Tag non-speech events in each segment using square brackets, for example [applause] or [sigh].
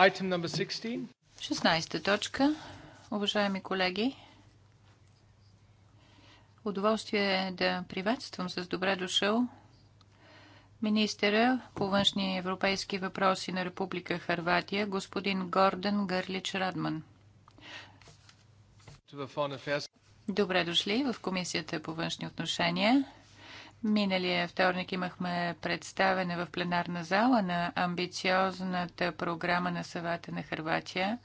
16. точка. Уважаеми колеги, удоволствие е да приветствам с добре дошъл министъра по външни европейски въпроси на Република Харватия, господин Гордън Гърлич Радман. Добре дошли в Комисията по външни отношения. Миналия вторник имахме представене в пленарна зала на амбициозната програма на съвета на Хрватия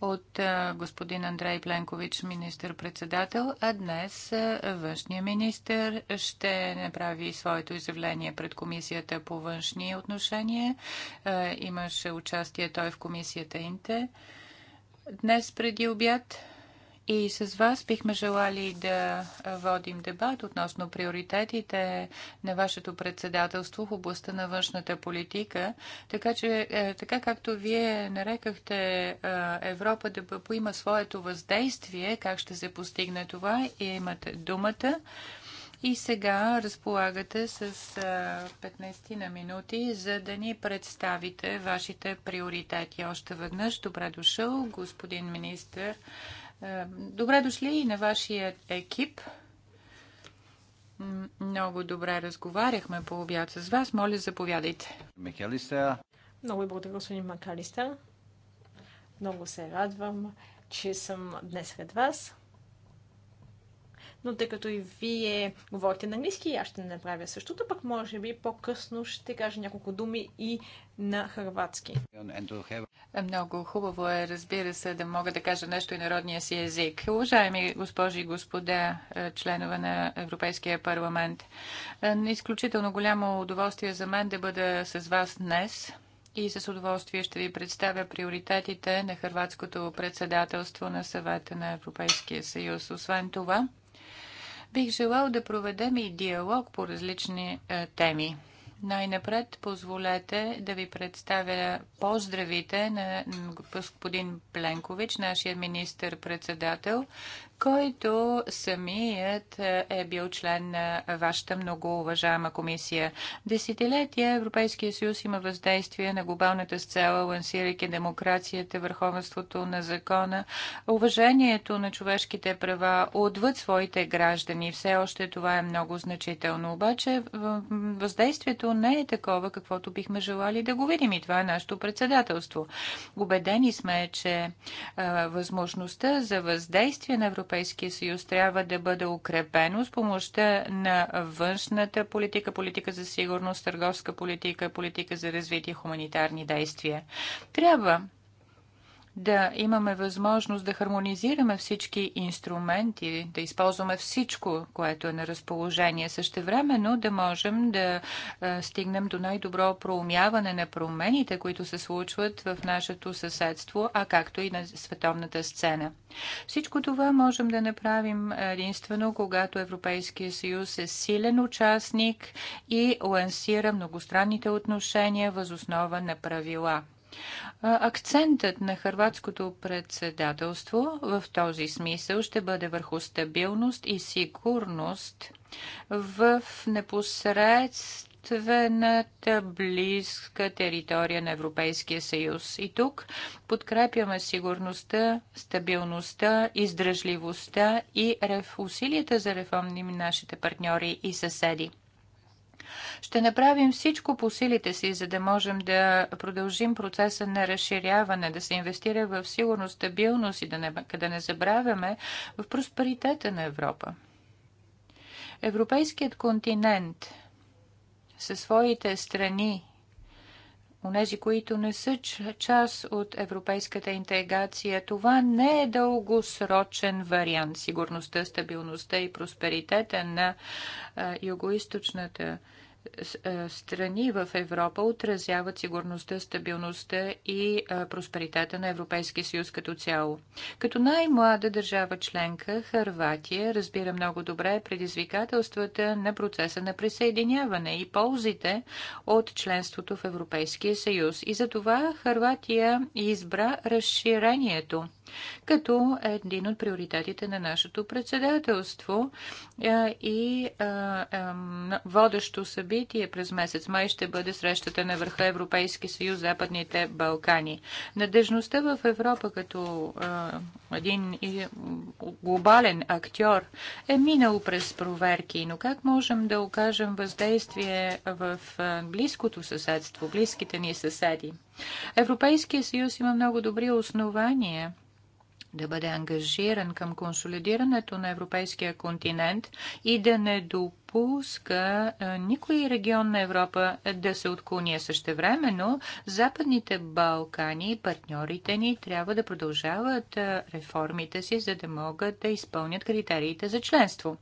от господин Андрей Пленкович, министър-председател, а днес външния министър ще направи своето изявление пред комисията по външни отношения. Имаше участие той в комисията Инте. Днес преди обяд и с вас бихме желали да водим дебат относно приоритетите на вашето председателство в областта на външната политика, така че, е, така както вие нарекахте е, Европа да поима своето въздействие, как ще се постигне това, и имате думата. И сега разполагате с 15 е, на минути, за да ни представите вашите приоритети. Още веднъж добре дошъл, господин министр е, добре дошли и на вашия екип. Много добре разговаряхме по обяд с вас. Моля, заповядайте. Микелистер. Много ви благодаря, господин Макалистер. Много се радвам, че съм днес сред вас но тъй като и вие говорите на английски, аз ще направя същото, пък може би по-късно ще кажа няколко думи и на хрватски. Много хубаво е, разбира се, да мога да кажа нещо и народния си език. Уважаеми госпожи и господа, е, членове на Европейския парламент, е, изключително голямо удоволствие за мен да бъда с вас днес и с удоволствие ще ви представя приоритетите на хрватското председателство на съвета на Европейския съюз. Освен това, Бих желал да проведем и диалог по различни е, теми. Най-напред позволете да ви представя поздравите на господин Пленкович, нашия министър-председател, който самият е, е бил член на вашата много уважаема комисия. Десетилетия Европейския съюз има въздействие на глобалната сцела, лансирайки демокрацията, върховенството на закона, уважението на човешките права отвъд своите граждани. Все още това е много значително. Обаче въздействието не е такова, каквото бихме желали да го видим и това е нашето председателство. Убедени сме, че възможността за въздействие на Европейския Европейския съюз трябва да бъде укрепено с помощта на външната политика, политика за сигурност, търговска политика, политика за развитие, хуманитарни действия. Трябва да имаме възможност да хармонизираме всички инструменти, да използваме всичко, което е на разположение. Същевременно да можем да е, стигнем до най-добро проумяване на промените, които се случват в нашето съседство, а както и на световната сцена. Всичко това можем да направим единствено, когато Европейския съюз е силен участник и лансира многостранните отношения възоснова на правила. Акцентът на хрватското председателство в този смисъл ще бъде върху стабилност и сигурност в непосредствено близка територия на Европейския съюз. И тук подкрепяме сигурността, стабилността, издръжливостта и усилията за реформи нашите партньори и съседи. Ще направим всичко по силите си, за да можем да продължим процеса на разширяване, да се инвестира в сигурност, стабилност и да не, да не забравяме в просперитета на Европа. Европейският континент със своите страни, онези, които не са част от европейската интеграция, това не е дългосрочен вариант. Сигурността, стабилността и просперитета на югоизточната Европа страни в Европа отразяват сигурността, стабилността и просперитета на Европейския съюз като цяло. Като най-млада държава членка, Харватия разбира много добре предизвикателствата на процеса на присъединяване и ползите от членството в Европейския съюз. И за това Харватия избра разширението като един от приоритетите на нашето председателство и водещо събитие събитие през месец май ще бъде срещата на върха Европейски съюз Западните Балкани. Надежността в Европа като е, един глобален актьор е минал през проверки, но как можем да окажем въздействие в близкото съседство, близките ни съседи? Европейския съюз има много добри основания – да бъде ангажиран към консолидирането на европейския континент и да не допуска никой регион на Европа да се отклони. Същевременно Западните Балкани и партньорите ни трябва да продължават реформите си, за да могат да изпълнят критериите за членство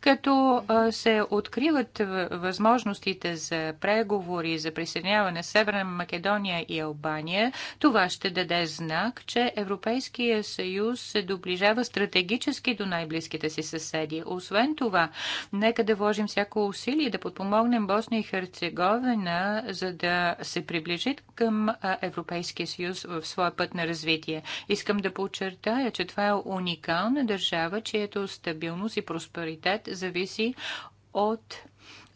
като се откриват възможностите за преговори за присъединяване Северна Македония и Албания, това ще даде знак, че Европейския съюз се доближава стратегически до най-близките си съседи. Освен това, нека да вложим всяко усилие да подпомогнем Босна и Херцеговина, за да се приближи към Европейския съюз в своя път на развитие. Искам да подчертая, че това е уникална държава, чието стабилност и просперитет зависи от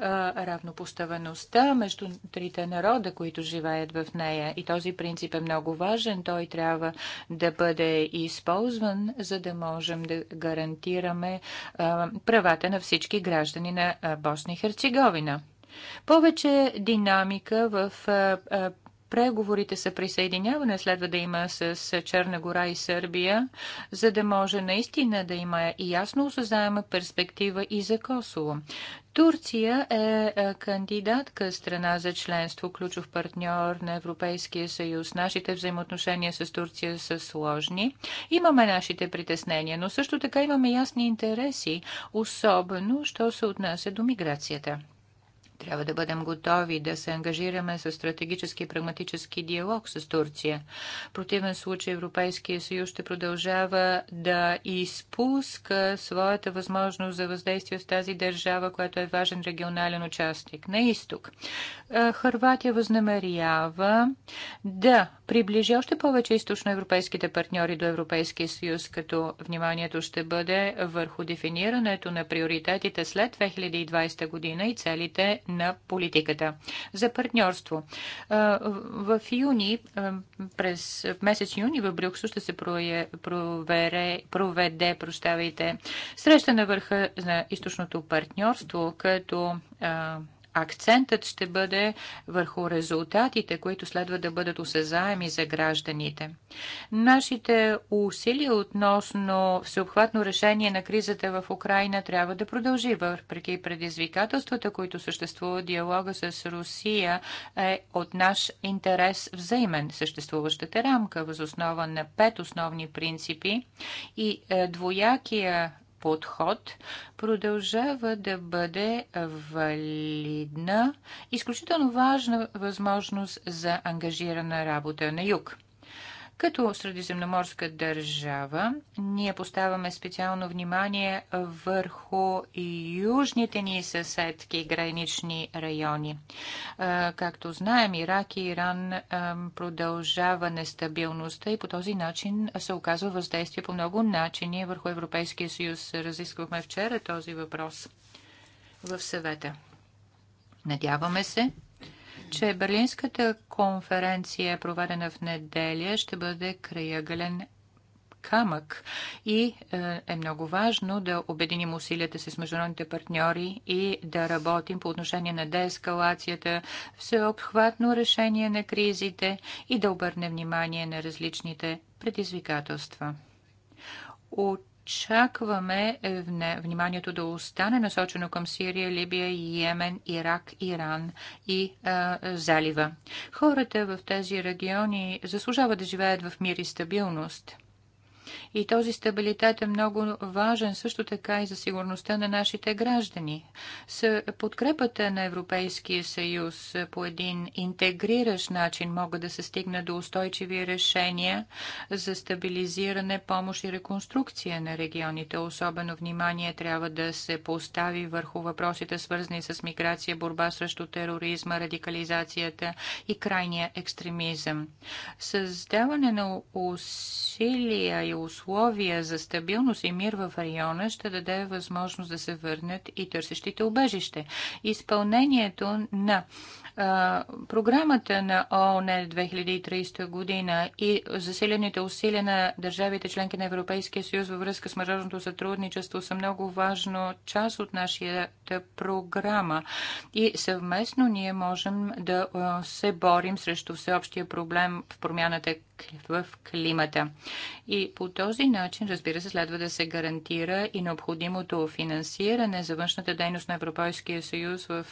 равнопоставеността между трите народа, които живеят в нея. И този принцип е много важен. Той трябва да бъде използван, за да можем да гарантираме правата на всички граждани на Босна и Херцеговина. Повече динамика в преговорите за присъединяване следва да има с Черна гора и Сърбия, за да може наистина да има и ясно осъзнаема перспектива и за Косово. Турция е, е кандидатка страна за членство, ключов партньор на Европейския съюз. Нашите взаимоотношения с Турция са сложни. Имаме нашите притеснения, но също така имаме ясни интереси, особено що се отнася до миграцията. Трябва да бъдем готови да се ангажираме с стратегически и прагматически диалог с Турция. В противен случай Европейския съюз ще продължава да изпуска своята възможност за въздействие с тази държава, която е важен регионален участник на изток. Харватия възнамерява да приближи още повече източноевропейските партньори до Европейския съюз, като вниманието ще бъде върху дефинирането на приоритетите след 2020 година и целите на политиката. За партньорство. В юни, през месец юни в Брюксо ще се провере, проведе прощавайте, среща на върха на източното партньорство, като акцентът ще бъде върху резултатите, които следва да бъдат осезаеми за гражданите. Нашите усилия относно всеобхватно решение на кризата в Украина трябва да продължи, въпреки предизвикателствата, които съществува диалога с Русия е от наш интерес взаимен. Съществуващата рамка възоснова на пет основни принципи и е, двоякия подход продължава да бъде валидна, изключително важна възможност за ангажирана работа на юг. Като средиземноморска държава, ние поставяме специално внимание върху южните ни съседки гранични райони. Както знаем, Ирак и Иран продължава нестабилността и по този начин се оказва въздействие по много начини върху Европейския съюз. Разисквахме вчера този въпрос в съвета. Надяваме се, че Берлинската конференция, проведена в неделя, ще бъде краягален камък и е, е много важно да обединим усилията си с международните партньори и да работим по отношение на деескалацията, всеобхватно решение на кризите и да обърнем внимание на различните предизвикателства. От очакваме е, вниманието да остане насочено към Сирия, Либия, Йемен, Ирак, Иран и а, е, залива. Хората в тези региони заслужават да живеят в мир и стабилност – и този стабилитет е много важен също така и за сигурността на нашите граждани. С подкрепата на Европейския съюз по един интегриращ начин могат да се стигна до устойчиви решения за стабилизиране, помощ и реконструкция на регионите. Особено внимание трябва да се постави върху въпросите свързани с миграция, борба срещу тероризма, радикализацията и крайния екстремизъм. Създаване на усилия и условия за стабилност и мир в района ще даде възможност да се върнат и търсещите убежище. Изпълнението на програмата на ООН 2030 година и засилените усилия на държавите членки на Европейския съюз във връзка с международното сътрудничество са много важно част от нашата програма. И съвместно ние можем да се борим срещу всеобщия проблем в промяната в климата. И по този начин, разбира се, следва да се гарантира и необходимото финансиране за външната дейност на Европейския съюз в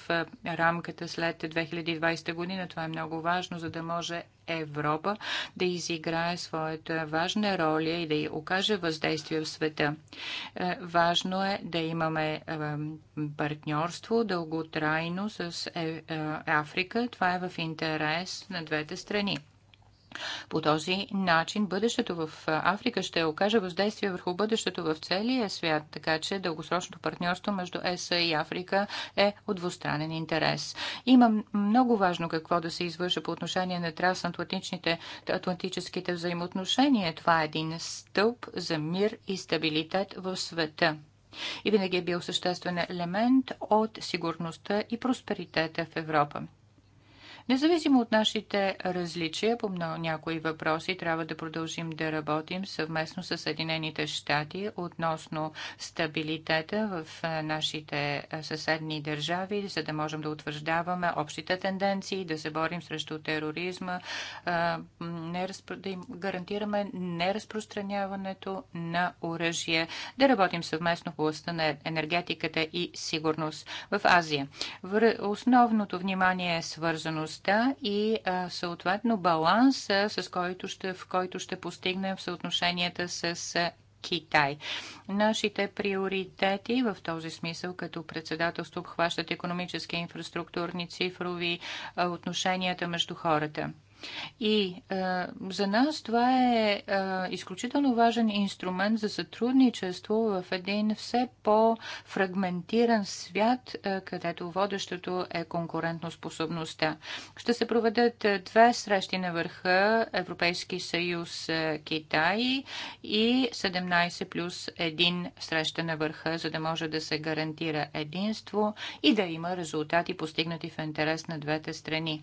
рамката след 2020 година. Това е много важно, за да може Европа да изиграе своята важна роля и да й окаже въздействие в света. Е, важно е да имаме е, партньорство дълготрайно с е, Африка. Това е в интерес на двете страни. По този начин бъдещето в Африка ще окаже въздействие върху бъдещето в целия свят, така че дългосрочното партньорство между ЕС и Африка е от двустранен интерес. Има много важно какво да се извърши по отношение на трансатлантическите взаимоотношения. Това е един стълб за мир и стабилитет в света и винаги е бил съществен елемент от сигурността и просперитета в Европа. Независимо от нашите различия по някои въпроси, трябва да продължим да работим съвместно с Съединените щати относно стабилитета в нашите съседни държави, за да можем да утвърждаваме общите тенденции, да се борим срещу тероризма, да им гарантираме неразпространяването на оръжие, да работим съвместно в областта на енергетиката и сигурност в Азия. Основното внимание е свързано гъвкавостта и а, съответно баланса, с който ще, в който ще постигнем в съотношенията с Китай. Нашите приоритети в този смисъл като председателство обхващат економически, инфраструктурни, цифрови отношенията между хората. И е, за нас това е, е изключително важен инструмент за сътрудничество в един все по-фрагментиран свят, е, където водещото е способността. Ще се проведат е, две срещи на върха Европейски съюз е, Китай и 17 плюс 1 среща на върха, за да може да се гарантира единство и да има резултати постигнати в интерес на двете страни.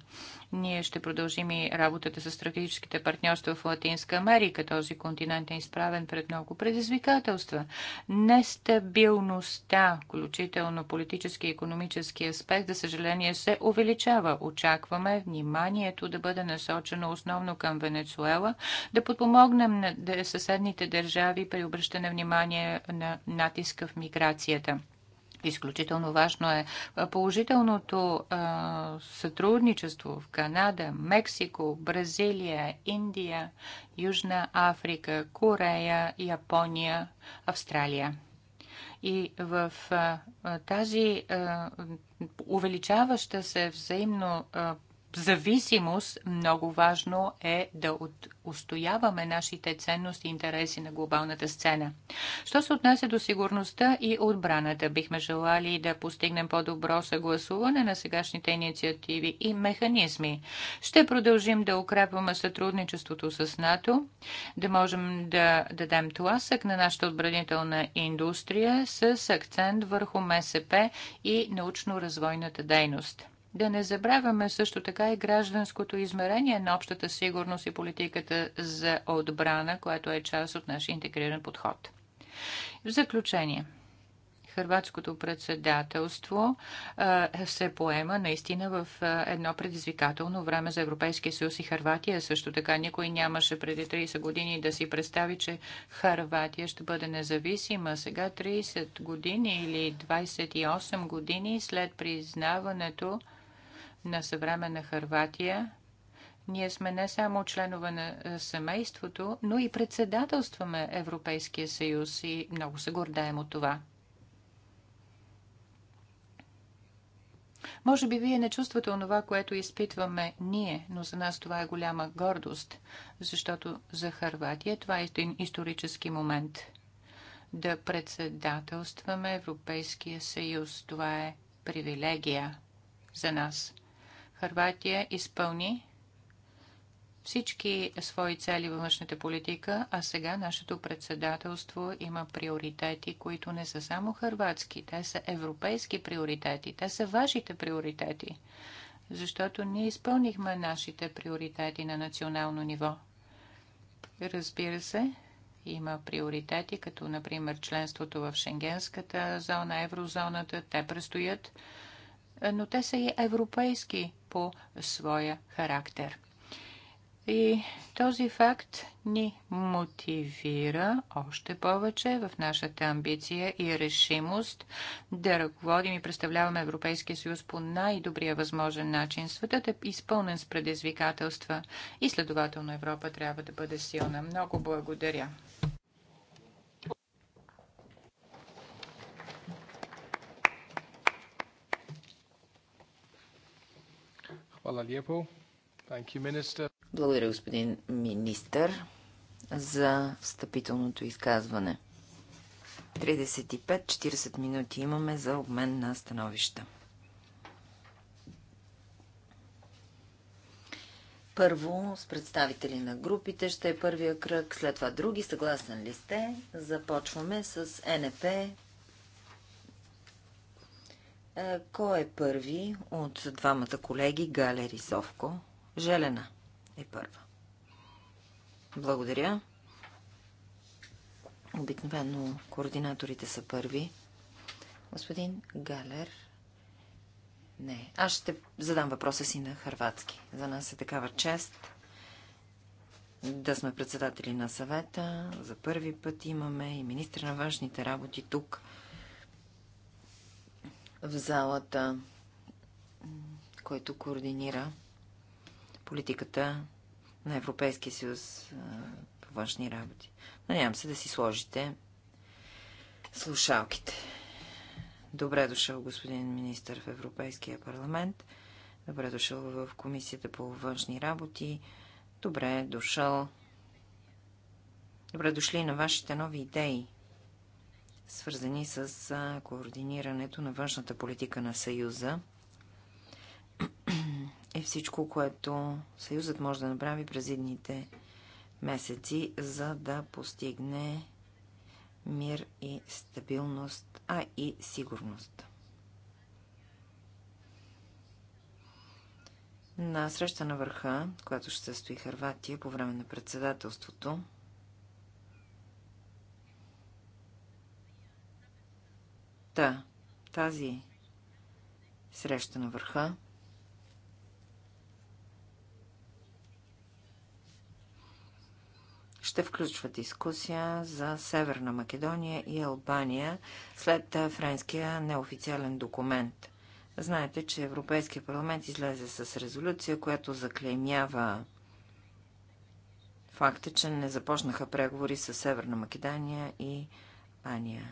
Ние ще продължим и работата с стратегическите партньорства в Латинска Америка. Този континент е изправен пред много предизвикателства. Нестабилността, включително политически и економически аспект, за съжаление се увеличава. Очакваме вниманието да бъде насочено основно към Венецуела, да подпомогнем на съседните държави при обръщане внимание на натиска в миграцията. Изключително важно е положителното а, сътрудничество в Канада, Мексико, Бразилия, Индия, Южна Африка, Корея, Япония, Австралия. И в а, тази а, увеличаваща се взаимно а, зависимост, много важно е да устояваме нашите ценности и интереси на глобалната сцена. Що се отнася до сигурността и отбраната, бихме желали да постигнем по-добро съгласуване на сегашните инициативи и механизми. Ще продължим да укрепваме сътрудничеството с НАТО, да можем да дадем тласък на нашата отбранителна индустрия с акцент върху МСП и научно-развойната дейност. Да не забравяме също така и гражданското измерение на общата сигурност и политиката за отбрана, което е част от нашия интегриран подход. В заключение – Хрватското председателство се поема наистина в едно предизвикателно време за Европейския съюз и Харватия. Също така никой нямаше преди 30 години да си представи, че Харватия ще бъде независима. Сега 30 години или 28 години след признаването на съвременна Харватия, ние сме не само членове на е, семейството, но и председателстваме Европейския съюз и много се гордаем от това. Може би вие не чувствате онова, което изпитваме ние, но за нас това е голяма гордост, защото за Харватия това е един исторически момент. Да председателстваме Европейския съюз, това е привилегия за нас. Харватия изпълни всички свои цели във външната политика, а сега нашето председателство има приоритети, които не са само хърватски, те са европейски приоритети, те са вашите приоритети, защото ние изпълнихме нашите приоритети на национално ниво. Разбира се, има приоритети, като например членството в Шенгенската зона, еврозоната, те престоят но те са и европейски по своя характер. И този факт ни мотивира още повече в нашата амбиция и решимост да ръководим и представляваме Европейския съюз по най-добрия възможен начин. Светът е изпълнен с предизвикателства и следователно Европа трябва да бъде силна. Много благодаря. Благодаря, господин министър, за встъпителното изказване. 35-40 минути имаме за обмен на становища. Първо с представители на групите ще е първия кръг, след това други. Съгласен ли сте? Започваме с НП е, кой е първи от двамата колеги, Галя Рисовко? Желена е първа. Благодаря. Обикновено координаторите са първи. Господин Галер. Не, аз ще задам въпроса си на харватски. За нас е такава чест да сме председатели на съвета. За първи път имаме и министр на външните работи тук – в залата, който координира политиката на Европейския съюз по външни работи. Надявам се да си сложите слушалките. Добре дошъл, господин министър в Европейския парламент. Добре дошъл в Комисията по външни работи. Добре дошъл. Добре дошли на вашите нови идеи свързани с координирането на външната политика на Съюза [clears throat] и всичко, което Съюзът може да направи през едните месеци, за да постигне мир и стабилност, а и сигурност. На среща на върха, която ще състои Харватия по време на председателството, Та, тази среща на върха ще включва дискусия за Северна Македония и Албания след френския неофициален документ. Знаете, че Европейския парламент излезе с резолюция, която заклеймява факта, че не започнаха преговори с Северна Македония и Албания.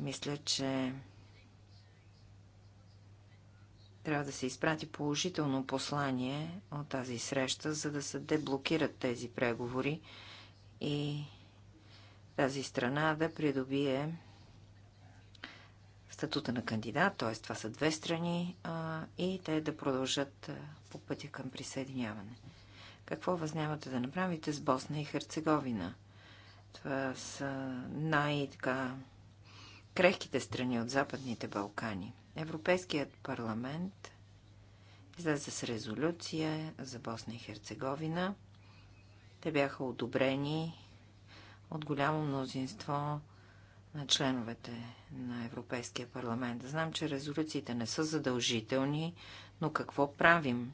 Мисля, че трябва да се изпрати положително послание от тази среща, за да се деблокират тези преговори и тази страна да придобие статута на кандидат, т.е. това са две страни, и те да продължат по пътя към присъединяване. Какво възнявате да направите с Босна и Херцеговина? Това са най-така крехките страни от Западните Балкани. Европейският парламент излезе с резолюция за Босна и Херцеговина. Те бяха одобрени от голямо мнозинство на членовете на Европейския парламент. Знам, че резолюциите не са задължителни, но какво правим,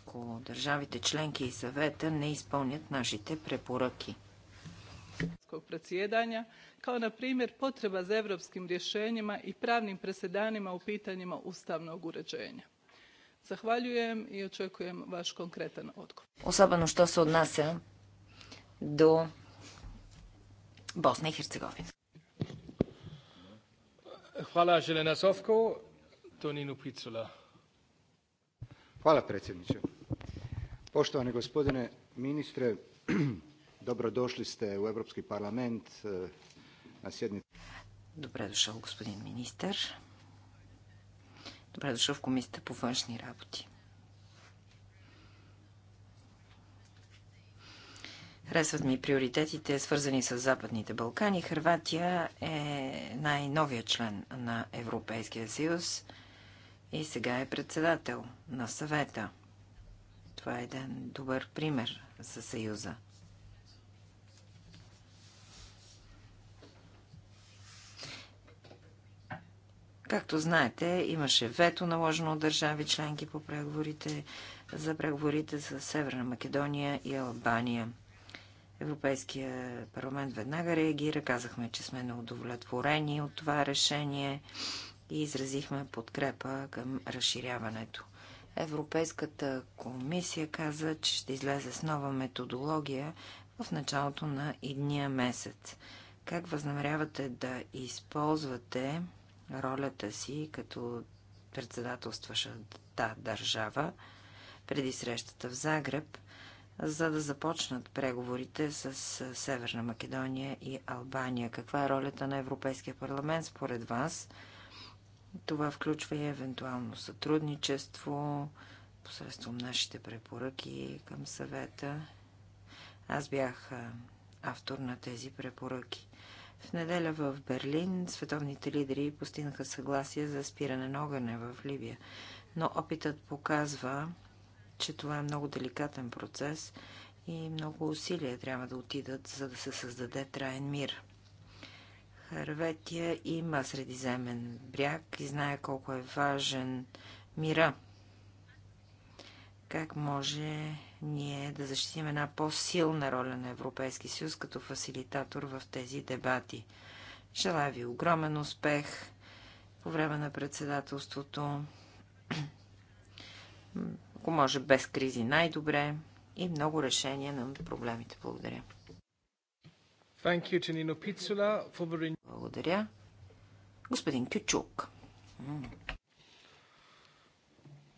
ако държавите членки и съвета не изпълнят нашите препоръки? predsjedanja kao na primjer potreba za europskim rješenjima i pravnim presedanima u pitanjima ustavnog uređenja. Zahvaljujem i očekujem vaš konkretan odgovor. Osobno što se odnose do Bosne i Hercegovine. Hvala Želena Sovko, Toninu Picula. Hvala predsjedniče. Poštovani gospodine ministre, Dobrodošli сте в Evropski парламент е, на седница. Добре дошъл, господин министър. Добре дошъл в Комисията по външни работи. Харесват ми приоритетите, свързани с Западните Балкани. Хрватия е най-новия член на Европейския съюз и сега е председател на съвета. Това е един добър пример за съюза. Както знаете, имаше вето наложено от държави членки по преговорите за преговорите с Северна Македония и Албания. Европейския парламент веднага реагира. Казахме, че сме неудовлетворени от това решение и изразихме подкрепа към разширяването. Европейската комисия каза, че ще излезе с нова методология в началото на идния месец. Как възнамерявате да използвате ролята си като председателстваща та държава преди срещата в Загреб, за да започнат преговорите с Северна Македония и Албания. Каква е ролята на Европейския парламент според вас? Това включва и евентуално сътрудничество посредством нашите препоръки към съвета. Аз бях автор на тези препоръки. В неделя в Берлин световните лидери постигнаха съгласие за спиране на огъня в Ливия. Но опитът показва, че това е много деликатен процес и много усилия трябва да отидат, за да се създаде траен мир. Харветия има средиземен бряг и знае колко е важен мира. Как може ние да защитим една по-силна роля на Европейски съюз като фасилитатор в тези дебати. Желая ви огромен успех по време на председателството. Ако може без кризи най-добре и много решения на проблемите. Благодаря. Благодаря. Господин Кючук.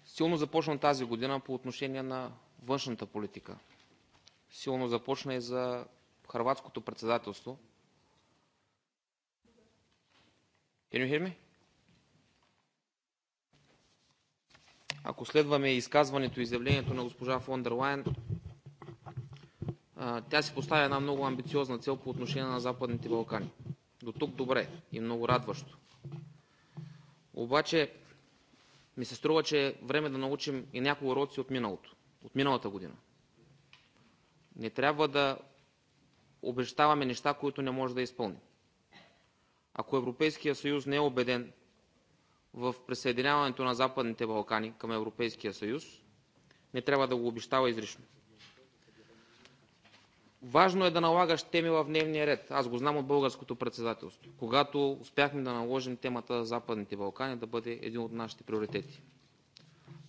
Силно започна тази година по отношение на външната политика. Силно започна и за хрватското председателство. Can you hear me? Ако следваме изказването и изявлението на госпожа фон дер Лайен, тя си поставя една много амбициозна цел по отношение на Западните Балкани. До тук добре и много радващо. Обаче ми се струва, че е време да научим и някои уроци от миналото от миналата година. Не трябва да обещаваме неща, които не може да изпълни. Ако Европейския съюз не е убеден в присъединяването на Западните Балкани към Европейския съюз, не трябва да го обещава изрично. Важно е да налагаш теми в дневния ред. Аз го знам от българското председателство. Когато успяхме да наложим темата за Западните Балкани да бъде един от нашите приоритети.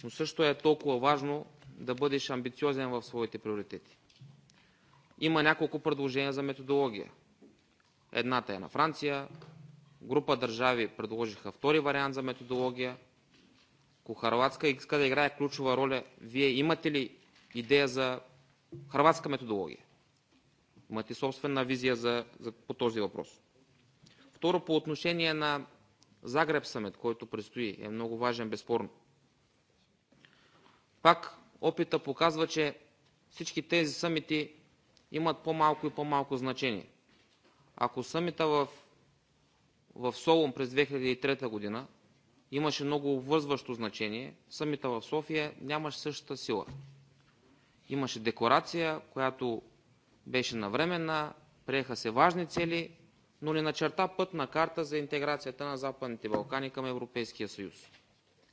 Но също е толкова важно да бъдеш амбициозен в своите приоритети. Има няколко предложения за методология. Едната е на Франция, група държави предложиха втори вариант за методология. Ако Харватска иска да играе ключова роля, вие имате ли идея за харватска методология? Имате собствена визия за, за, по този въпрос. Второ, по отношение на Загреб съмет, който предстои, е много важен, безспорно. Пак Опита показва, че всички тези съмити имат по-малко и по-малко значение. Ако съмита в, в Солун през 2003 година имаше много обвързващо значение, съмита в София нямаше същата сила. Имаше декларация, която беше навременна, приеха се важни цели, но не начерта пътна карта за интеграцията на Западните Балкани към Европейския съюз.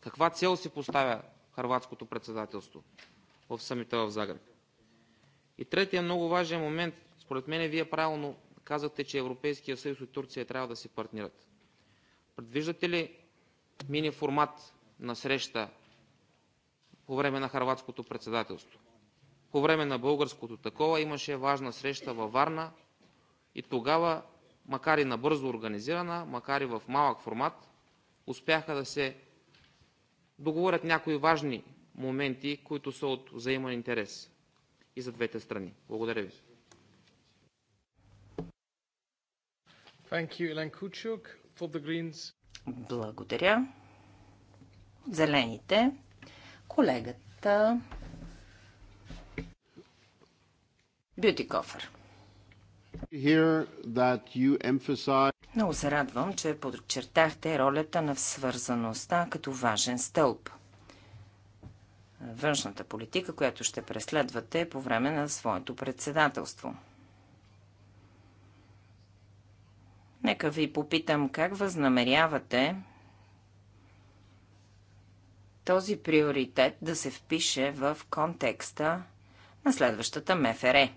Каква цел си поставя Харватското председателство в Самите в Загреб. И третия много важен момент, според мен Вие правилно казахте, че Европейския съюз и Турция трябва да си партнират. Предвиждате ли мини формат на среща по време на Хърватското председателство? По време на българското такова имаше важна среща във Варна и тогава, макар и набързо организирана, макар и в малък формат, успяха да се договорят някои важни моменти, които са от взаимен интерес и за двете страни. Благодаря ви. Thank you, for the Greens. Благодаря. Зелените. Колегата кофър. Много се радвам, че подчертахте ролята на свързаността като важен стълб. Външната политика, която ще преследвате по време на своето председателство. Нека ви попитам как възнамерявате този приоритет да се впише в контекста на следващата МФР.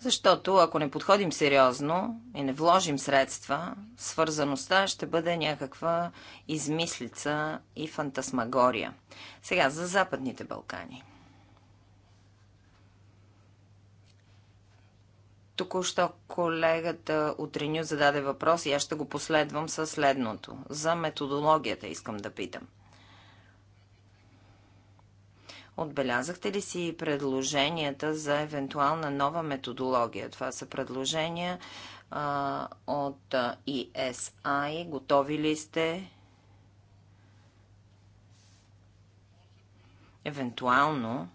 Защото ако не подходим сериозно и не вложим средства, свързаността ще бъде някаква измислица и фантасмагория. Сега за Западните Балкани. Току-що колегата от Реню зададе въпрос и аз ще го последвам със следното. За методологията искам да питам – Отбелязахте ли си предложенията за евентуална нова методология? Това са предложения а, от ESI. Готови ли сте? Евентуално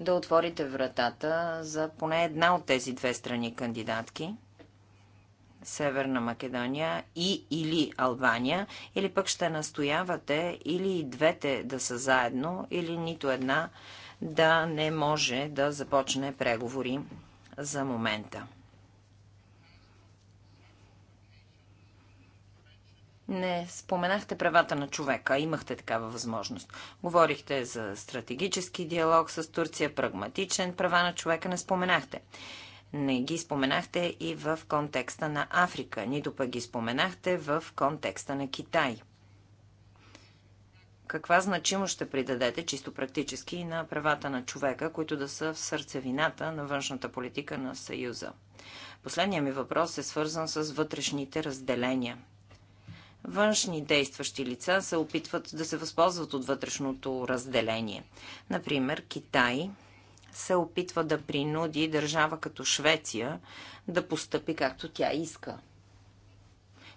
да отворите вратата за поне една от тези две страни кандидатки – Северна Македония и или Албания, или пък ще настоявате или и двете да са заедно, или нито една да не може да започне преговори за момента. Не споменахте правата на човека, имахте такава възможност. Говорихте за стратегически диалог с Турция, прагматичен, права на човека не споменахте. Не ги споменахте и в контекста на Африка, нито пък ги споменахте в контекста на Китай. Каква значимост ще придадете чисто практически на правата на човека, които да са в сърцевината на външната политика на Съюза? Последният ми въпрос е свързан с вътрешните разделения външни действащи лица се опитват да се възползват от вътрешното разделение. Например, Китай се опитва да принуди държава като Швеция да постъпи както тя иска.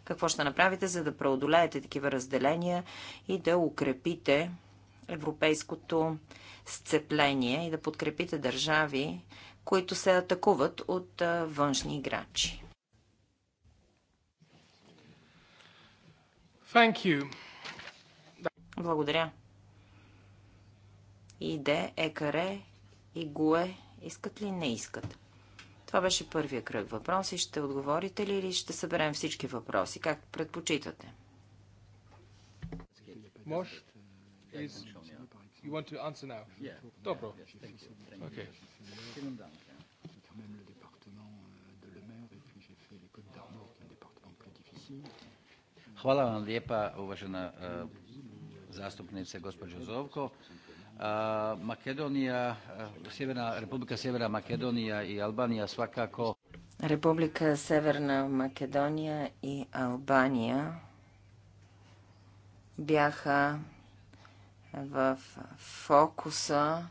Какво ще направите, за да преодолеете такива разделения и да укрепите европейското сцепление и да подкрепите държави, които се атакуват от външни играчи? Thank you. Благодаря. Иде Екаре и Гуе искат ли? Не искат. Това беше първия кръг въпроси. Ще отговорите ли или ще съберем всички въпроси? Как предпочитате? Мош? You want to answer now? Yeah. Dobro. Yes, thank you. Thank okay. Hvala vam lijepa, uvažena eh, Makedonija, Sjeverna, Republika Sjeverna Makedonija i Albanija svakako... Republika Severna Македония и Албания бяха в фокуса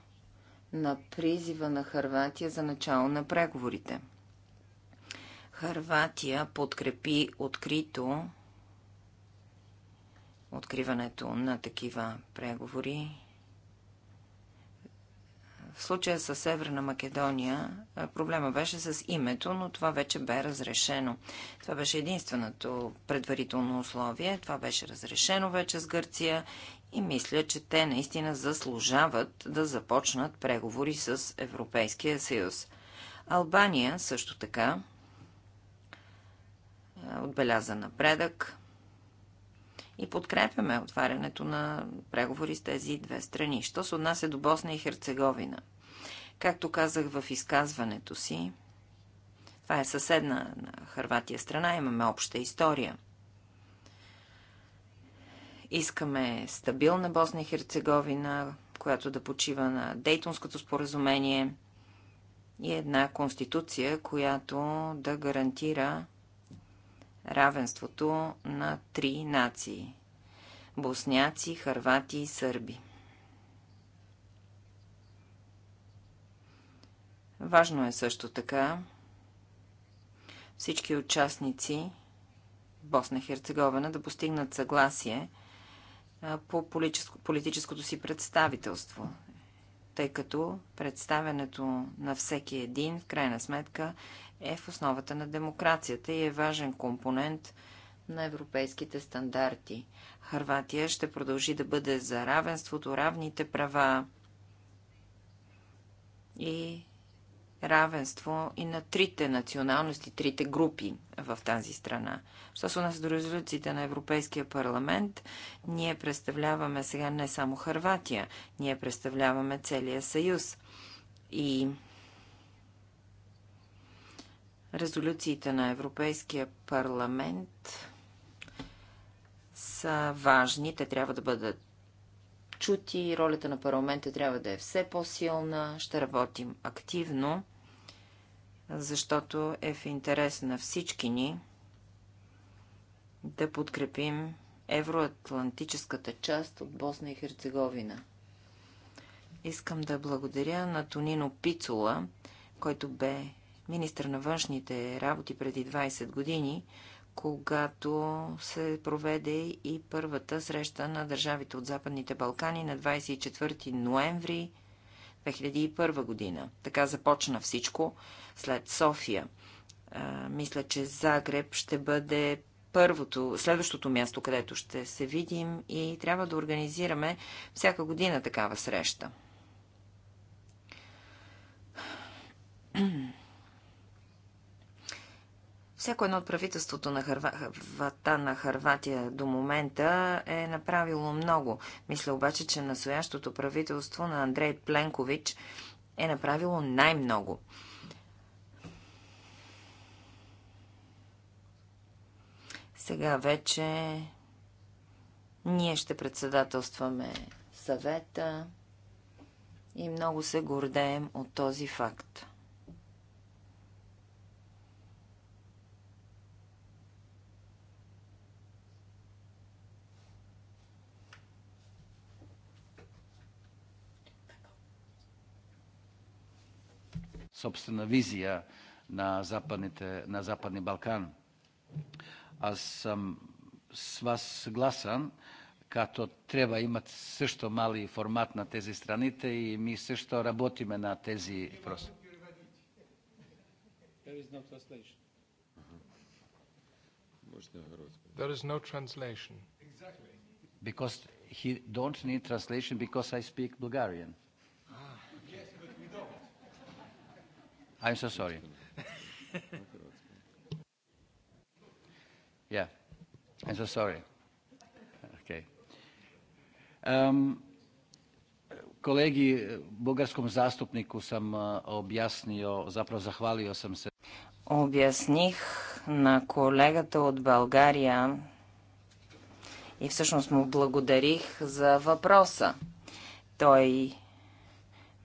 на призива на Харватия за начало на преговорите. Харватия подкрепи открито откриването на такива преговори в случая с Северна Македония е, проблема беше с името, но това вече бе разрешено. Това беше единственото предварително условие. Това беше разрешено вече с Гърция и мисля, че те наистина заслужават да започнат преговори с Европейския съюз. Албания също така е, отбеляза напредък и подкрепяме отварянето на преговори с тези две страни. Що се отнася до Босна и Херцеговина? Както казах в изказването си, това е съседна на Харватия страна, имаме обща история. Искаме стабилна Босна и Херцеговина, която да почива на Дейтонското споразумение и една конституция, която да гарантира равенството на три нации – босняци, харвати и сърби. Важно е също така всички участници в Босна-Херцеговина да постигнат съгласие по политическото си представителство, тъй като представянето на всеки един, в крайна сметка, е в основата на демокрацията и е важен компонент на европейските стандарти. Харватия ще продължи да бъде за равенството, равните права и равенство и на трите националности, трите групи в тази страна. Що се нас до резолюциите на Европейския парламент, ние представляваме сега не само Харватия, ние представляваме целия съюз. И Резолюциите на Европейския парламент са важни. Те трябва да бъдат чути. Ролята на парламента трябва да е все по-силна. Ще работим активно, защото е в интерес на всички ни да подкрепим евроатлантическата част от Босна и Херцеговина. Искам да благодаря на Тонино Пицула, който бе министър на външните работи преди 20 години, когато се проведе и първата среща на държавите от Западните Балкани на 24 ноември 2001 година. Така започна всичко след София. А, мисля, че Загреб ще бъде първото, следващото място, където ще се видим и трябва да организираме всяка година такава среща. Всяко едно от правителството на Хървата, на Харватия до момента е направило много. Мисля обаче, че настоящото правителство на Андрей Пленкович е направило най-много. Сега вече ние ще председателстваме съвета и много се гордеем от този факт. собствена визия на, западните, на Западни Балкан. Аз съм с вас съгласен, като трябва имат също мали формат на тези страните и ми също работиме на тези въпроси. There is no translation. Exactly. Because he don't need translation because I speak Bulgarian. I'm so sorry. yeah, I'm so sorry. Okay. Um, kolegi, bugarskom zastupniku sam objasnio, zapravo zahvalio sam se. Обясних на колегата от България и всъщност му благодарих за въпроса. Той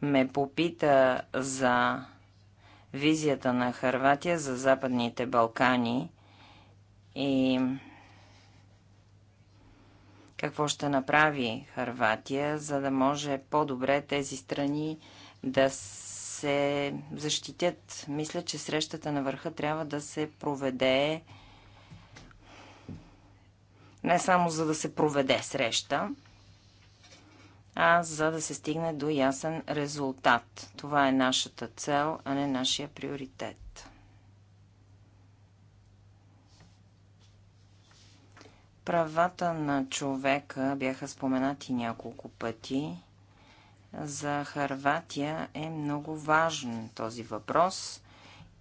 ме попита за визията на Харватия за Западните Балкани и какво ще направи Харватия, за да може по-добре тези страни да се защитят. Мисля, че срещата на върха трябва да се проведе не само за да се проведе среща, а за да се стигне до ясен резултат. Това е нашата цел, а не нашия приоритет. Правата на човека бяха споменати няколко пъти. За Харватия е много важен този въпрос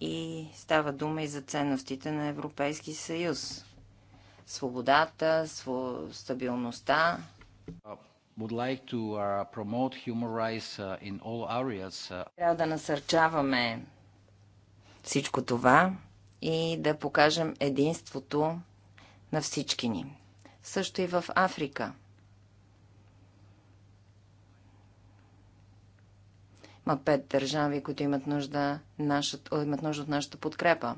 и става дума и за ценностите на Европейски съюз. Свободата, стабилността would like to uh, promote human rights uh, in all areas. Uh, Трябва да насърчаваме всичко това и да покажем единството на всички ни. Също и в Африка. Има пет държави, които имат нужда, нашата, имат нужда от нашата подкрепа.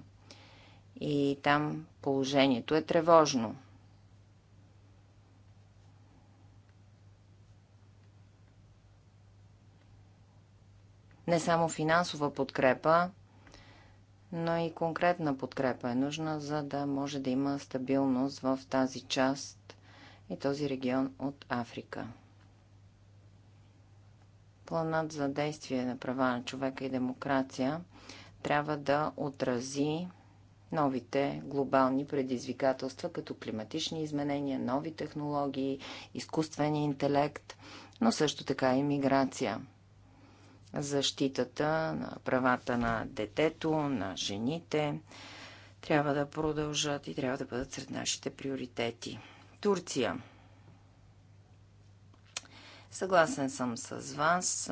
И там положението е тревожно. Не само финансова подкрепа, но и конкретна подкрепа е нужна, за да може да има стабилност в тази част и този регион от Африка. Планът за действие на права на човека и демокрация трябва да отрази новите глобални предизвикателства, като климатични изменения, нови технологии, изкуствения интелект, но също така и миграция защитата на правата на детето, на жените, трябва да продължат и трябва да бъдат сред нашите приоритети. Турция. Съгласен съм с вас.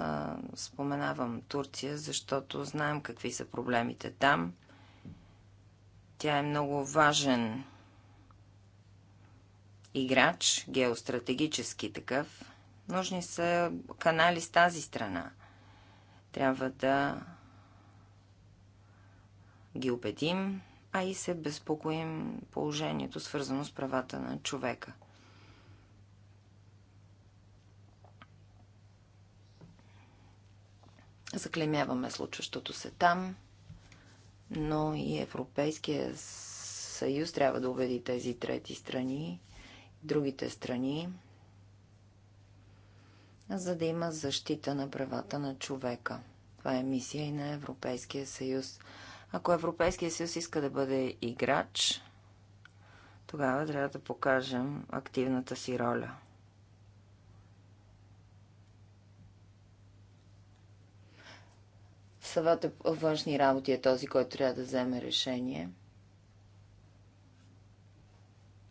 Споменавам Турция, защото знаем какви са проблемите там. Тя е много важен играч, геостратегически такъв. Нужни са канали с тази страна – трябва да ги убедим, а и се безпокоим положението, свързано с правата на човека. Заклемяваме случващото се там, но и Европейския съюз трябва да убеди тези трети страни, другите страни за да има защита на правата на човека. Това е мисия и на Европейския съюз. Ако Европейския съюз иска да бъде играч, тогава трябва да покажем активната си роля. Съвата е външни работи е този, който трябва да вземе решение.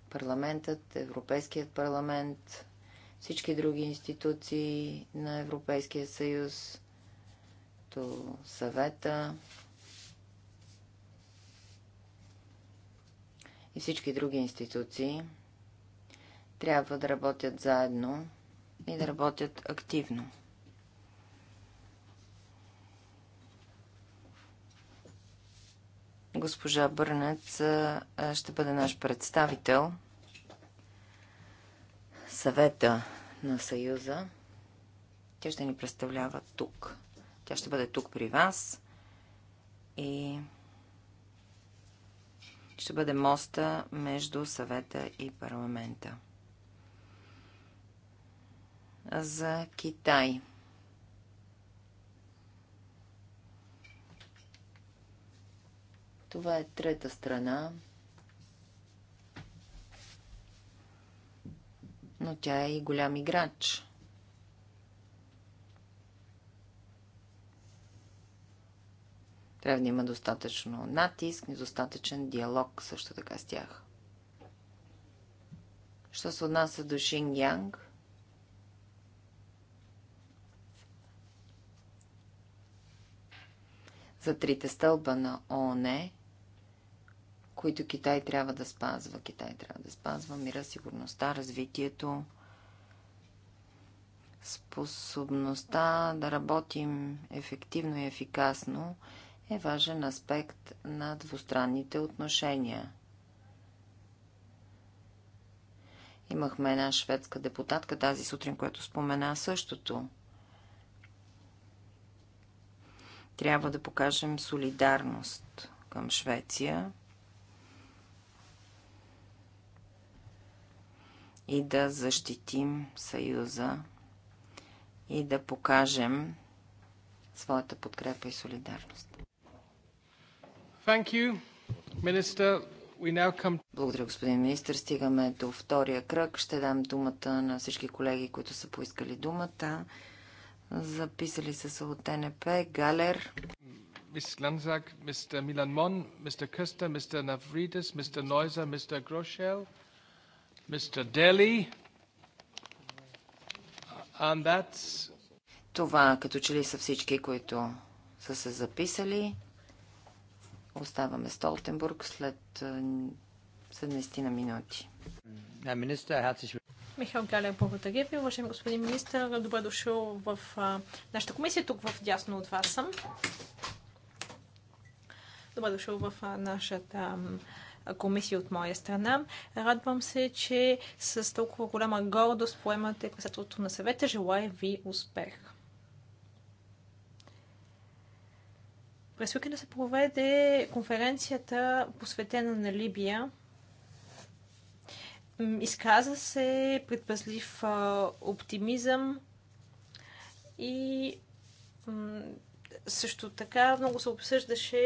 Парламентът, Европейският парламент, всички други институции на Европейския съюз, като съвета и всички други институции трябва да работят заедно и да работят активно. Госпожа Бърнец ще бъде наш представител – съвета на Съюза. Тя ще ни представлява тук. Тя ще бъде тук при вас и ще бъде моста между съвета и парламента. За Китай. Това е трета страна, но тя е и голям играч. Трябва да има достатъчно натиск, недостатъчен диалог също така с тях. Що се отнася до Шин Янг, за трите стълба на Оне които Китай трябва да спазва. Китай трябва да спазва мира, сигурността, развитието, способността да работим ефективно и ефикасно е важен аспект на двустранните отношения. Имахме една шведска депутатка тази сутрин, която спомена същото. Трябва да покажем солидарност към Швеция и да защитим Съюза и да покажем своята подкрепа и солидарност. Minister, come... Благодаря, господин министр. Стигаме до втория кръг. Ще дам думата на всички колеги, които са поискали думата. Записали са се от ТНП. Галер. Мис Ланзак, мистер Милан Мон, мистер Къста, мистер Навридес, мистер Нойза, мистер Грошел. Mr. Delhi. And that's... Това като че ли са всички, които са се записали. Оставаме Столтенбург след 17 на минути. Михаил Галя, благодаря ви. Уважаеми господин министр, добре дошъл в нашата комисия. Тук в дясно от вас съм. Добре дошъл в нашата комисия от моя страна. Радвам се, че с толкова голяма гордост поемате председателството на съвета. Желая ви успех! През да се проведе конференцията посветена на Либия. Изказа се предпазлив оптимизъм и също така много се обсъждаше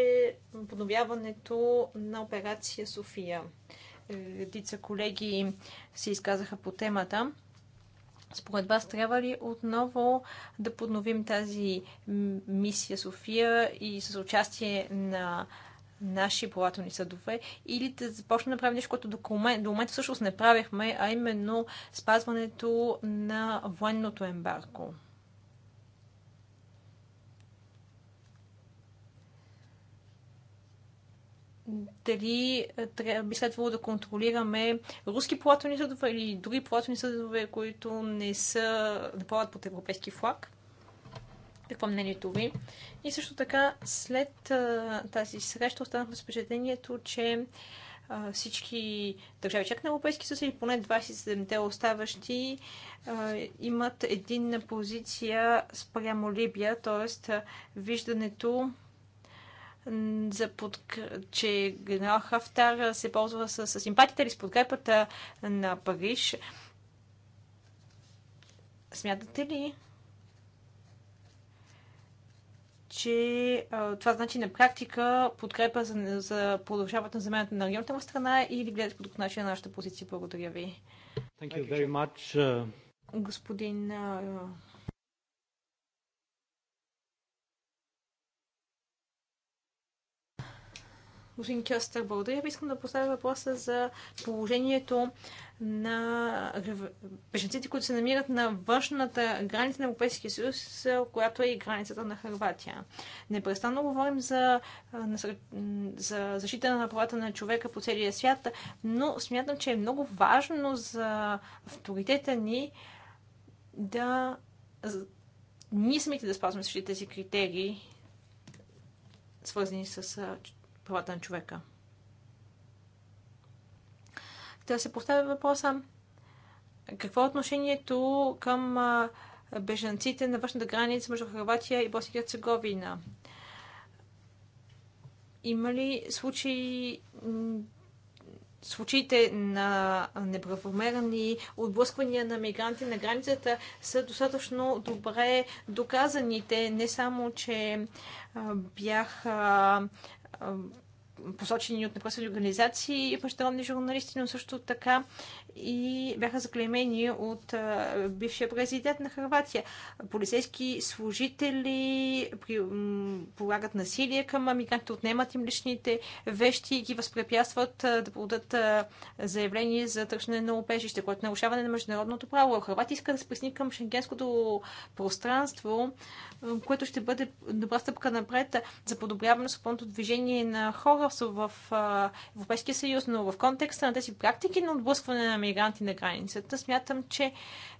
подновяването на операция София. Редица колеги се изказаха по темата. Според вас трябва ли отново да подновим тази мисия София и с участие на наши плавателни съдове или да започнем да правим нещо, което до, момента, до момента всъщност не правихме, а именно спазването на военното ембарко. дали е, би следвало да контролираме руски платони съдове или други платони съдове, които не са да плават под европейски флаг. Какво мнението ви? И също така, след е, тази среща останахме с впечатлението, че е, всички държави чак на Европейски съюз или поне 27-те оставащи имат единна позиция спрямо Либия, т.е. виждането за под... че генерал Хафтар се ползва с, с симпатията или с подкрепата на Париж. Смятате ли, че а, това значи на практика подкрепа за, за продължаването на замената на регионалната му страна или гледате по друг начин на нашата позиция? Благодаря ви. Thank you very much. Uh, Господин господин Кьостър. Благодаря ви. Искам да поставя въпроса за положението на бежанците, които се намират на външната граница на Европейския съюз, която е и границата на Харватия. Непрестанно говорим за, за защита на правата на човека по целия свят, но смятам, че е много важно за авторитета ни да ние самите да спазваме всички тези критерии, свързани с правата на човека. Да се поставя въпроса какво е отношението към бежанците на външната граница между Хрватия и Босния и Герцеговина? Има ли случаи случаите на неправомерни отблъсквания на мигранти на границата са достатъчно добре доказаните. Не само, че бяха Um, посочени от непросветни организации и международни журналисти, но също така и бяха заклеймени от бившия президент на Харватия. Полицейски служители при, полагат насилие към амигранти, отнемат им личните вещи и ги възпрепятстват да подадат заявление за тръщане на обежище, което е нарушаване на международното право. Харватия иска да се присни към шенгенското пространство, което ще бъде добра стъпка напред за подобряване на свободното движение на хора законодателство в Европейския съюз, но в контекста на тези практики на отблъскване на мигранти на границата, смятам, че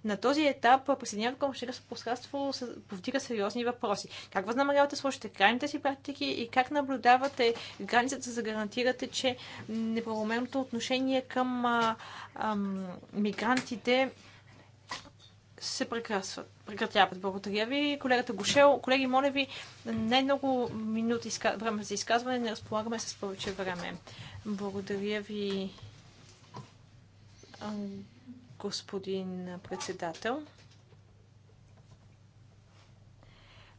на този етап присъединяването към шенгенското пространство повдига сериозни въпроси. Как възнамерявате сложите крайните си практики и как наблюдавате границата, за да гарантирате, че неправомерното отношение към а, а, мигрантите се прекъсват, прекратяват. Благодаря ви, колегата Гошел. Колеги, моля ви, не много минути изка... време за изказване, не разполагаме с повече време. Благодаря ви, господин председател.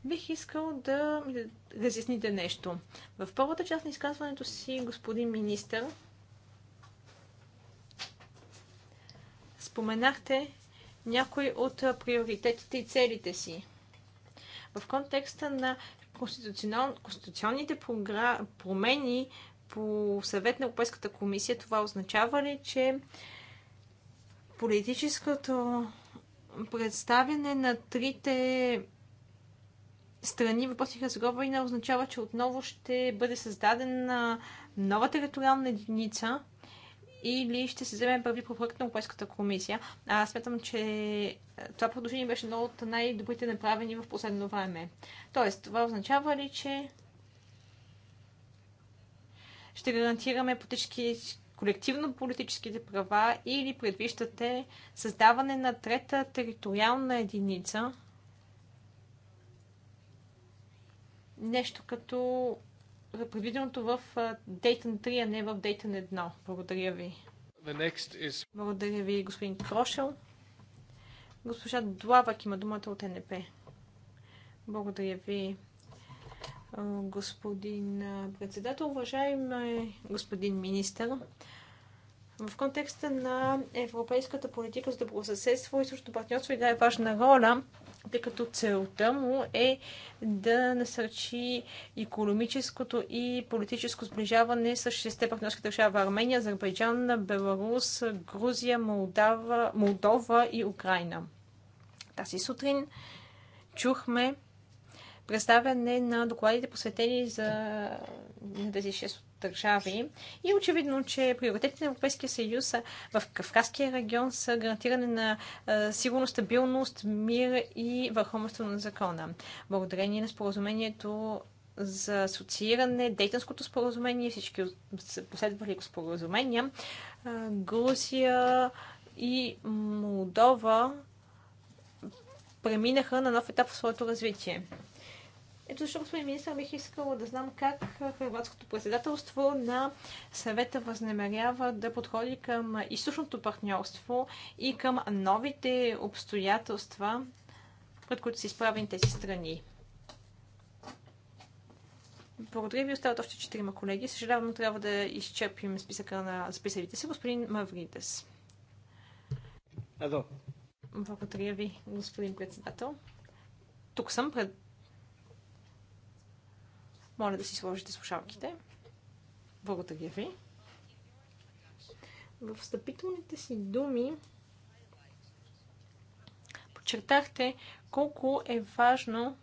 Бих искал да разясните нещо. В първата част на изказването си, господин министър, споменахте, някои от приоритетите и целите си. В контекста на конституционал... конституционните програ... промени по съвет на Европейската комисия, това означава ли, че политическото представяне на трите страни в Босния Херцеговина означава, че отново ще бъде създадена нова териториална единица, или ще се вземе първи препорък на Европейската комисия. А аз смятам, че е, това предложение беше едно от най-добрите направени в последно време. Тоест, това означава ли, че ще гарантираме политически, колективно политическите права или предвиждате създаване на трета териториална единица? Нещо като предвиденото в Дейтън 3, а не в Дейтън 1. Благодаря ви. Is... Благодаря ви, господин Крошел. Госпожа Длавак има думата от НП. Благодаря ви, господин председател. Уважаеми господин министър, в контекста на европейската политика за добросъседство и също партньорство играе важна роля тъй като целта му е да насърчи економическото и политическо сближаване с шесте партньорски държави Армения, Азербайджан, Беларус, Грузия, Молдава, Молдова и Украина. Тази сутрин чухме представяне на докладите посветени за тези 6 държави. И очевидно, че приоритетите на Европейския съюз в Кавказския регион са гарантиране на сигурност, стабилност, мир и върховенство на закона. Благодарение на споразумението за асоцииране, Дейтанското споразумение, всички последвали го споразумения, Грузия и Молдова преминаха на нов етап в своето развитие. Ето защо, господин министър, бих искала да знам как хрватското председателство на съвета възнамерява да подходи към източното партньорство и към новите обстоятелства, пред които са изправени тези страни. Благодаря ви. Остават още четирима колеги. Съжалявам, трябва да изчерпим списъка на записалите се. Господин Мавридес. Адо. Благодаря ви, господин председател. Тук съм пред моля да си сложите слушалките. Благодаря ви. В встъпителните си думи подчертахте колко е важно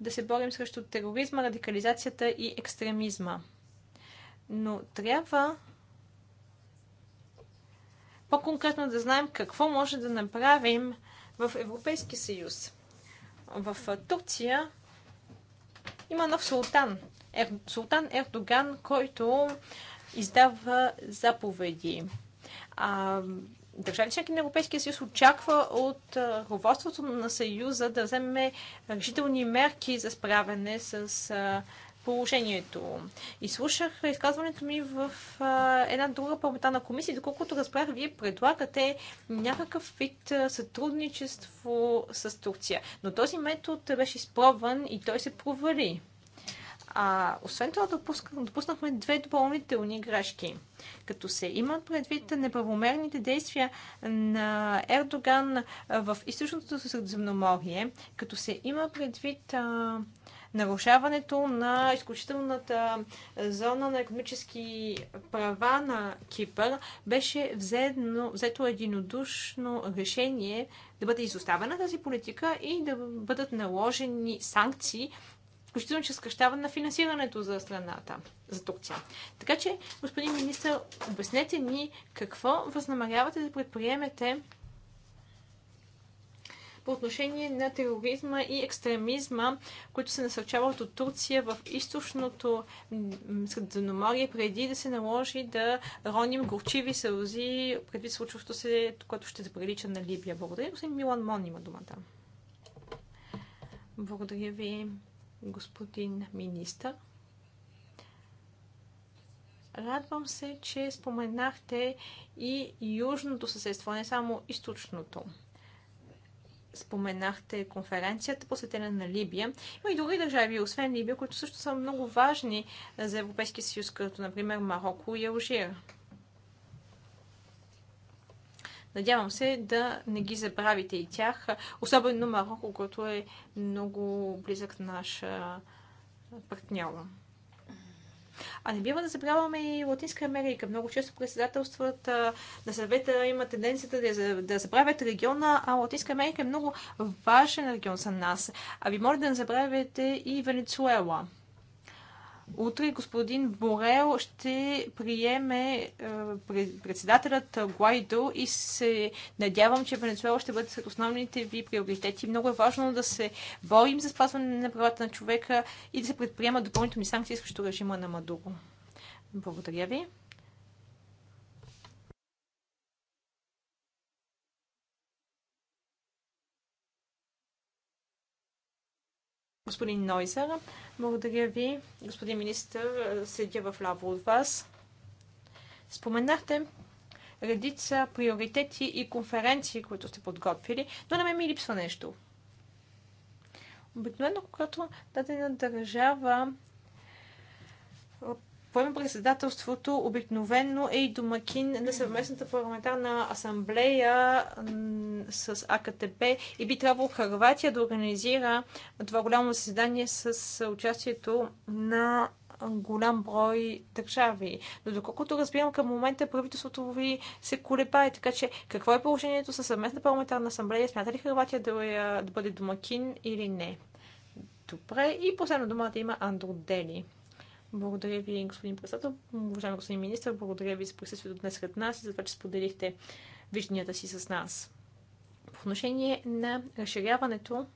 да се борим срещу тероризма, радикализацията и екстремизма. Но трябва по-конкретно да знаем какво може да направим в Европейски съюз. В Турция има нов султан. Ер... Султан Ердоган, който издава заповеди. А, държави членки на Европейския съюз очаква от ръководството на съюза да вземе решителни мерки за справяне с положението. И слушах изказването ми в а, една друга парламентарна комисия. Доколкото разбрах, вие предлагате някакъв вид сътрудничество с Турция. Но този метод беше изпробван и той се провали. А, освен това, допуснахме две допълнителни грешки. Като се имат предвид неправомерните действия на Ердоган в източното Средиземноморие, като се има предвид а, нарушаването на изключителната зона на економически права на Кипър беше взедно, взето единодушно решение да бъде изоставена тази политика и да бъдат наложени санкции, включително чрез скъщаване на финансирането за страната, за Турция. Така че, господин министр, обяснете ни какво възнамерявате да предприемете по отношение на тероризма и екстремизма, които се насърчават от Турция в източното Средиземноморие, преди да се наложи да роним горчиви сълзи предвид случващото се, което ще заприлича на Либия. Благодаря, господин Милан Мон има думата. Благодаря ви, господин министър. Радвам се, че споменахте и южното съседство, не само източното споменахте конференцията, посветена на Либия. Има и други държави, освен Либия, които също са много важни за Европейския съюз, като например Марокко и Алжир. Надявам се да не ги забравите и тях, особено Марокко, който е много близък наш партньор. А не бива да забравяме и Латинска Америка. Много често председателствата на съвета има тенденцията да, да забравят региона, а Латинска Америка е много важен регион за нас. А ви моля да не забравяте и Венецуела. Утре господин Борел ще приеме е, председателят Гуайдо и се надявам, че Венецуела ще бъде сред основните ви приоритети. Много е важно да се борим за спазване на правата на човека и да се предприемат допълнителни санкции срещу режима на Мадуро. Благодаря ви. господин Нойзер. Благодаря ви, господин министр, седя в ляво от вас. Споменахте редица приоритети и конференции, които сте подготвили, но на мен ми липсва нещо. Обикновено, когато дадена държава поема председателството, обикновенно е и домакин на съвместната парламентарна асамблея с АКТП и би трябвало Харватия да организира това голямо заседание с участието на голям брой държави. Но доколкото разбирам, към момента правителството ви се колебае. Така че какво е положението със съвместна парламентарна асамблея? Смята ли Харватия да, я, е, да бъде домакин или не? Добре. И последно думата има Андро Дели. Благодаря ви, господин председател. Уважаеми господин министр, благодаря ви за присъствието днес сред нас и за това, че споделихте вижданията си с нас. По отношение на разширяването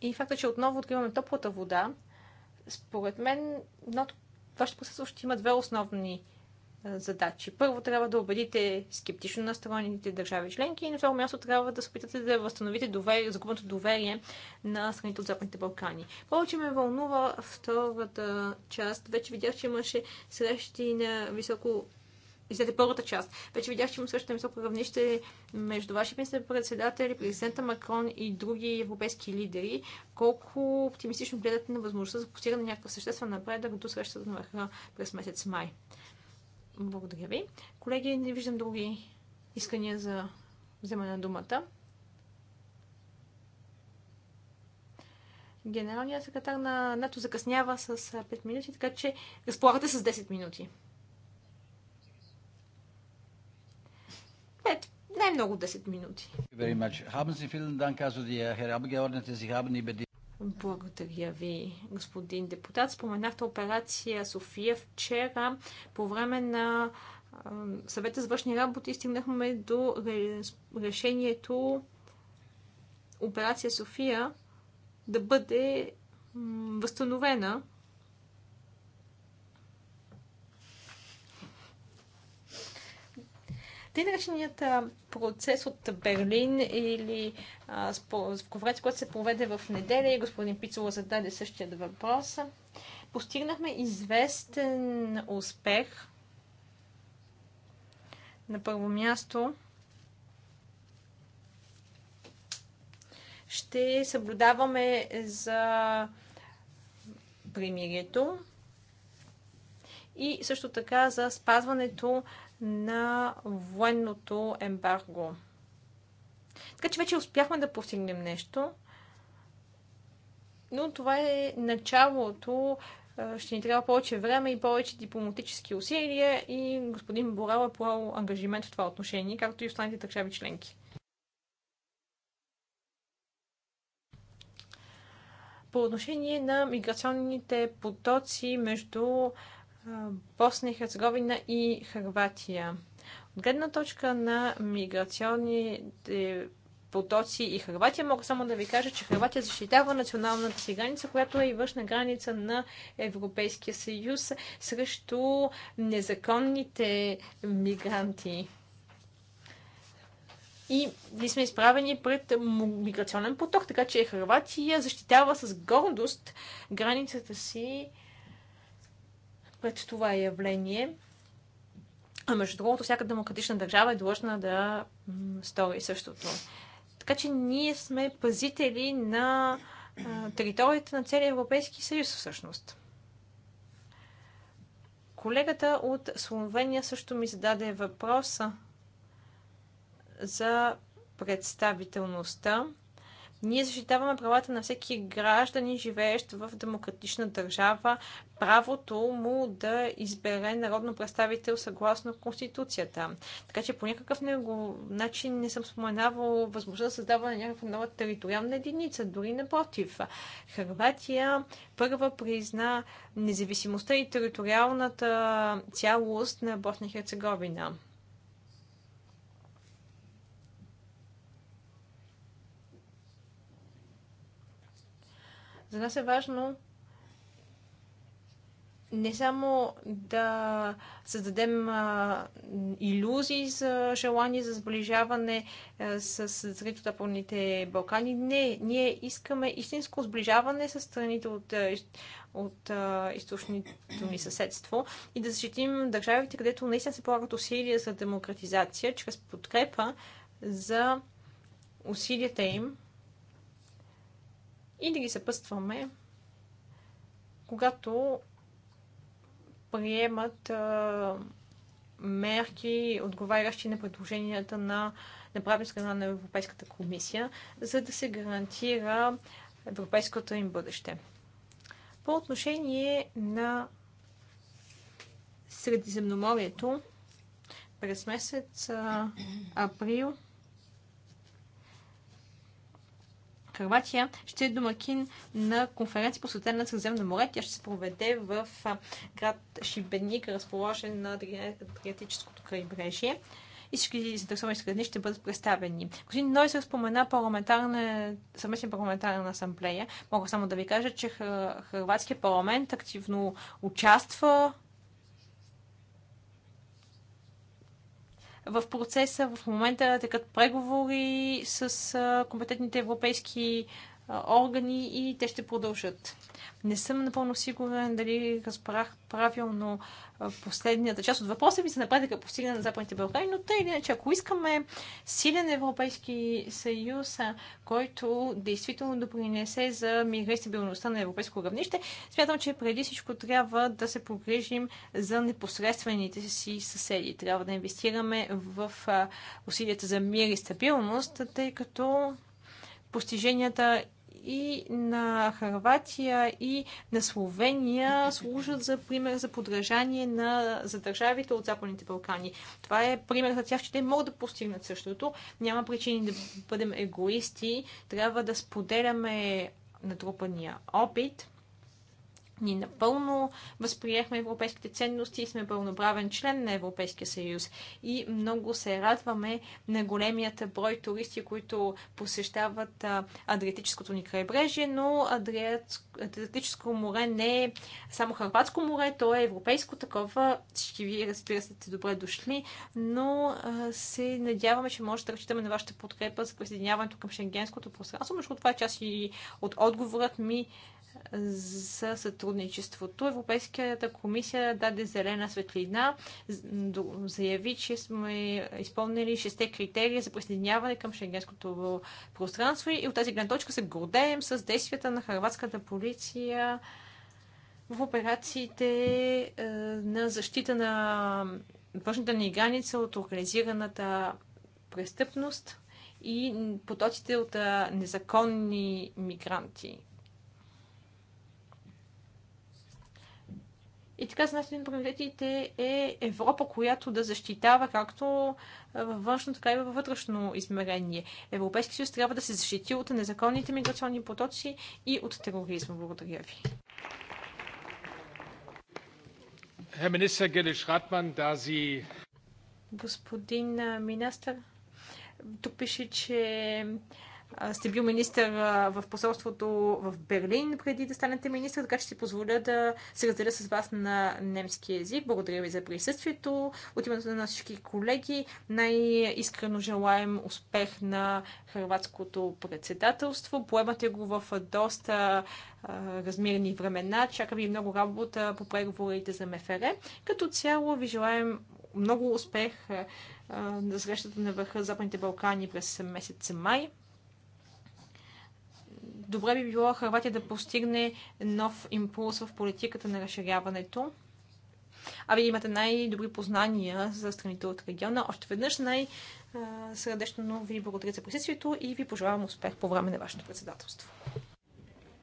и факта, че отново откриваме топлата вода, според мен, вашето присъствие ще има две основни задачи. Първо трябва да убедите скептично настроените държави членки и на второ място трябва да се опитате да възстановите доверие, загубеното доверие на страните от Западните Балкани. Повече ме вълнува втората част. Вече видях, че имаше срещи на високо Излезе първата част. Вече видях, че има срещаме високо равнище между вашите министър-председатели, президента Макрон и други европейски лидери. Колко оптимистично гледате на възможността за постигане на някакъв съществен напредък до срещата на върха през месец май. Благодаря ви. Колеги, не виждам други искания за вземане на думата. Генералният секретар на НАТО закъснява с 5 минути, така че разполагате с 10 минути. 5, най-много 10 минути. Благодаря ви, господин депутат. Споменахте операция София вчера по време на съвета за външни работи стигнахме до решението операция София да бъде възстановена Тъй нареченият процес от Берлин или конференция, която се проведе в неделя и господин Пицова зададе същия въпрос. Постигнахме известен успех. На първо място ще съблюдаваме за примирието и също така за спазването на военното ембарго. Така че вече успяхме да постигнем нещо, но това е началото. Ще ни трябва повече време и повече дипломатически усилия и господин Борал е поел ангажимент в това отношение, както и останалите държави членки. По отношение на миграционните потоци между Босна и Херцеговина и Харватия. От гледна точка на миграционните потоци и Харватия, мога само да ви кажа, че Харватия защитава националната си граница, която е и външна граница на Европейския съюз срещу незаконните мигранти. И ние сме изправени пред миграционен поток, така че Харватия защитава с гордост границата си пред това явление. А между другото, всяка демократична държава е длъжна да стори същото. Така че ние сме пазители на територията на целия Европейски съюз всъщност. Колегата от Словения също ми зададе въпроса за представителността ние защитаваме правата на всеки гражданин, живеещ в демократична държава, правото му да избере народно представител съгласно Конституцията. Така че по някакъв него начин не съм споменавал възможността да създаване на някаква нова териториална единица, дори напротив. Харватия първа призна независимостта и териториалната цялост на Босна и Херцеговина. За нас е важно не само да създадем а, иллюзии за желание за сближаване а, с, с Западните Балкани. Не, ние искаме истинско сближаване с страните от, от а, източното ни съседство и да защитим държавите, където наистина се полагат усилия за демократизация, чрез подкрепа за усилията им и да ги съпъстваме, когато приемат а, мерки, отговарящи на предложенията на направени страна на Европейската комисия, за да се гарантира европейското им бъдеще. По отношение на Средиземноморието, през месец а, април Харватия ще е домакин на конференция посветена на Средиземно море. Тя ще се проведе в град Шибеник, разположен на Адриатическото крайбрежие и всички заинтересовани страни ще бъдат представени. Господин се спомена парламентарна, съвместна парламентарна асамблея. Мога само да ви кажа, че Хрватския парламент активно участва в процеса. В момента текат преговори с компетентните европейски органи и те ще продължат. Не съм напълно сигурен дали разбрах правилно последната част от въпроса ми направи да постигна на Западните Балкани, но тъй иначе, ако искаме силен Европейски съюз, който действително допринесе за мира и стабилността на европейско равнище, смятам, че преди всичко трябва да се погрижим за непосредствените си съседи. Трябва да инвестираме в усилията за мир и стабилност, тъй като постиженията и на Харватия и на Словения служат за пример за подражание на, за държавите от Западните Балкани. Това е пример за тях, че те могат да постигнат същото. Няма причини да бъдем егоисти. Трябва да споделяме натрупания опит – ние напълно възприехме европейските ценности и сме пълноправен член на Европейския съюз. И много се радваме на големият брой туристи, които посещават Адриатическото ни крайбрежие, но Адриатско Атлантическо море не е само Харватско море, то е европейско такова. Всички вие, разбира се, сте добре дошли, но а, се надяваме, че може да разчитаме на вашата подкрепа за присъединяването към шенгенското пространство. Между това е част и от отговорът ми за сътрудничеството. Европейската комисия даде зелена светлина, заяви, че сме изпълнили шесте критерия за присъединяване към шенгенското пространство и от тази гледна точка се гордеем с действията на харватската полиция полиция, в операциите е, на защита на външната ни граница от организираната престъпност и потоците от е, незаконни мигранти. И така, за нас един от приоритетите е Европа, която да защитава както във външно, така и във вътрешно измерение. Европейски съюз трябва да се защити от незаконните миграционни потоци и от тероризма. Благодаря ви. Господин министър, тук пише, че сте бил министър в посолството в Берлин преди да станете министър, така че си позволя да се разделя с вас на немски язик. Благодаря ви за присъствието. От името на всички колеги най-искрено желаем успех на хрватското председателство. Поемате го в доста размерни времена. Чака ви много работа по преговорите за МФР. Като цяло ви желаем много успех на срещата на върха Западните Балкани през месец май добре би било Харватия да постигне нов импулс в политиката на разширяването. А вие имате най-добри познания за страните от региона. Още веднъж най-сърдечно ви благодаря за присъствието и ви пожелавам успех по време на вашето председателство.